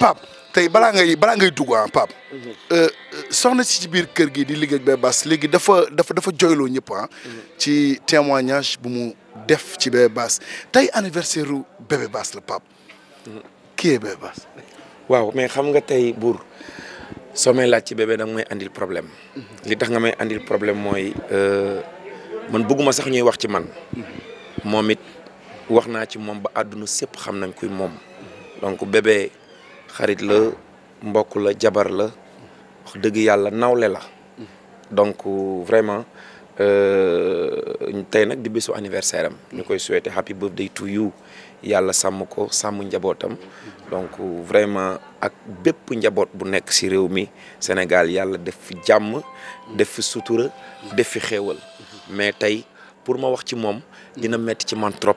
Pape tey balaa ngay balaa ngay dugg ah Pape. Mhm. Euh, euh, soxna si ci biir kër gi di liggéey ak Bébé Baas léegi dafa dafa dafa jooyloo ñëpp ah. Mhm. ci témoignage bu mu def ci Bébé Baas tey anniversaire ru Baas la Pape. kii mhm. Bébé Baas. waaw mais xam nga tey buur soo may laaj ci bébé da nga may andil problème li tax nga may andil problème mooy euh, man bëgguma sax ñuy wax ci man moom it wax naa ci moom ba àdduna sépp xam nañ kuy moom donc bébé xarit la mbokk la jabar la dëgg yàlla nawle la donc vraiment euh, tey nag di bésu anniversaire am ñu koy souhaiter happy birthday to you yàlla sàmm ko sàmm njabootam donc vraiment ak bépp njaboot bu nekk si réew mi Sénégal yàlla def fi jàmm def fi sutura def fi xéewal mais tey pour ma wax ci moom dina metti ci man trop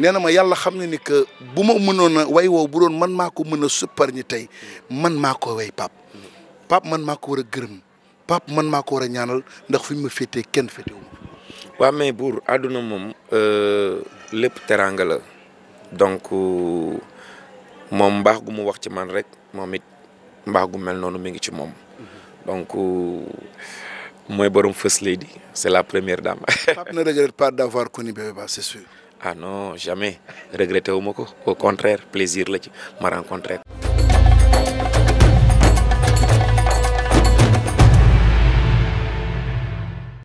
nee na ma yàlla xam ne ni que bu ma mënoon a way woow bu man maa ko mën a suppar ñi tey man maa ko way pap pap man maa ko war a gërëm pap man maa ko war a ñaanal ndax fi mu ma féetee kenn fete ma waaw mais buur àdduna moom euh, lépp teraanga la donc euh, moom mbaax gu mu wax ci man rek moom it mbaax mel noonu mu ngi ci moom donc euh, mooy borom first lady c'est la première dame. Pape ne regrette pas d'avoir connu ah non jamais regretté o ma au contraire plaisir la ci ma